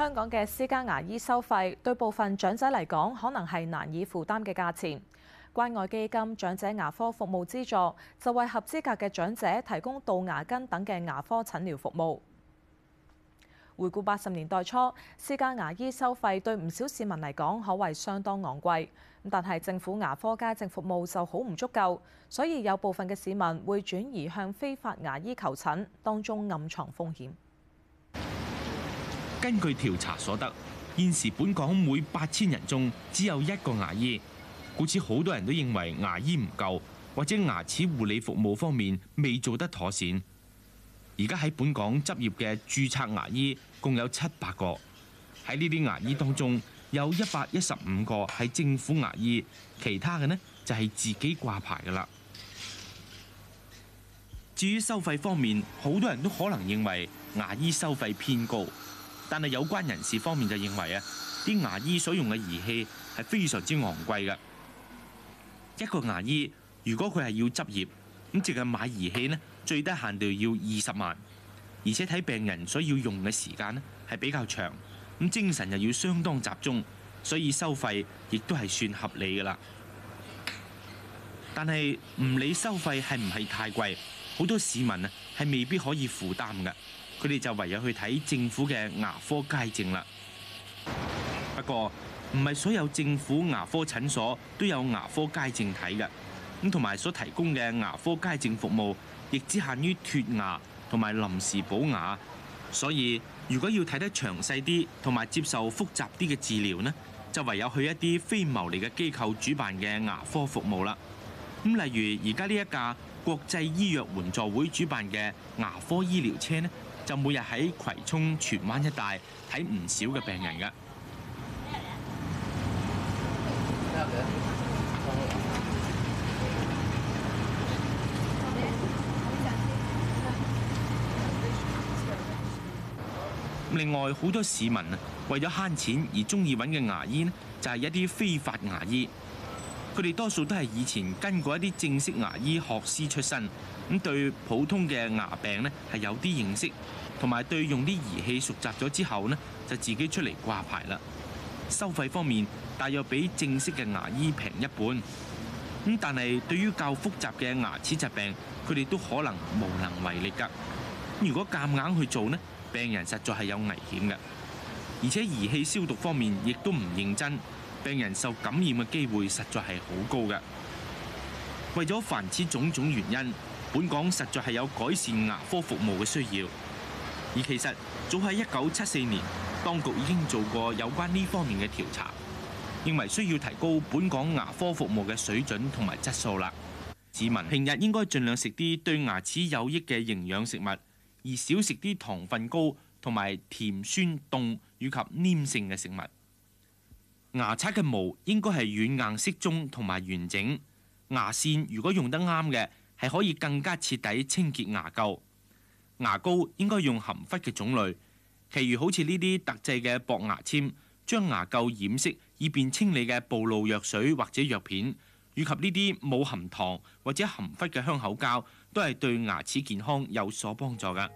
香港嘅私家牙醫收費對部分長者嚟講，可能係難以負擔嘅價錢。關愛基金長者牙科服務資助就為合資格嘅長者提供杜牙根等嘅牙科診療服務。回顧八十年代初，私家牙醫收費對唔少市民嚟講，可謂相當昂貴。但係政府牙科街症服務就好唔足夠，所以有部分嘅市民會轉而向非法牙醫求診，當中暗藏風險。根據調查所得，現時本港每八千人中只有一個牙醫。故此，好多人都認為牙醫唔夠，或者牙齒護理服務方面未做得妥善。而家喺本港執業嘅註冊牙醫共有七百個。喺呢啲牙醫當中，有一百一十五個係政府牙醫，其他嘅呢就係自己掛牌嘅啦。至於收費方面，好多人都可能認為牙醫收費偏高。但係有關人士方面就認為啊，啲牙醫所用嘅儀器係非常之昂貴嘅。一個牙醫如果佢係要執業，咁淨係買儀器呢，最低限度要二十萬，而且睇病人所要用嘅時間呢係比較長，咁精神又要相當集中，所以收費亦都係算是合理噶啦。但係唔理收費係唔係太貴，好多市民啊係未必可以負擔噶。佢哋就唯有去睇政府嘅牙科街症啦。不過，唔係所有政府牙科診所都有牙科街症睇嘅。咁同埋，所提供嘅牙科街症服務亦只限於脱牙同埋臨時補牙。所以，如果要睇得詳細啲，同埋接受複雜啲嘅治療呢，就唯有去一啲非牟利嘅機構主辦嘅牙科服務啦。咁，例如而家呢一架國際醫藥援助會主辦嘅牙科醫療車呢，就每日喺葵涌荃灣一帶睇唔少嘅病人嘅。另外好多市民啊，為咗慳錢而中意揾嘅牙醫呢，就係一啲非法牙醫。佢哋多數都係以前跟過一啲正式牙醫學師出身，咁對普通嘅牙病咧係有啲認識，同埋對用啲儀器熟習咗之後咧就自己出嚟掛牌啦。收費方面，大約比正式嘅牙醫平一半，咁但係對於較複雜嘅牙齒疾病，佢哋都可能無能為力㗎。如果夾硬，硬去做咧，病人實在係有危險㗎，而且儀器消毒方面亦都唔認真。病人受感染嘅機會實在係好高嘅。為咗凡此種種原因，本港實在係有改善牙科服務嘅需要。而其實早喺一九七四年，當局已經做過有關呢方面嘅調查，認為需要提高本港牙科服務嘅水準同埋質素啦。市民平日應該盡量食啲對牙齒有益嘅營養食物，而少食啲糖分高同埋甜酸凍以及黏性嘅食物。牙刷嘅毛應該係軟硬適中同埋完整，牙線如果用得啱嘅，係可以更加徹底清潔牙垢。牙膏應該用含氟嘅種類，其餘好似呢啲特製嘅薄牙籤，將牙垢染色以便清理嘅暴露藥水或者藥片，以及呢啲冇含糖或者含氟嘅香口膠，都係對牙齒健康有所幫助㗎。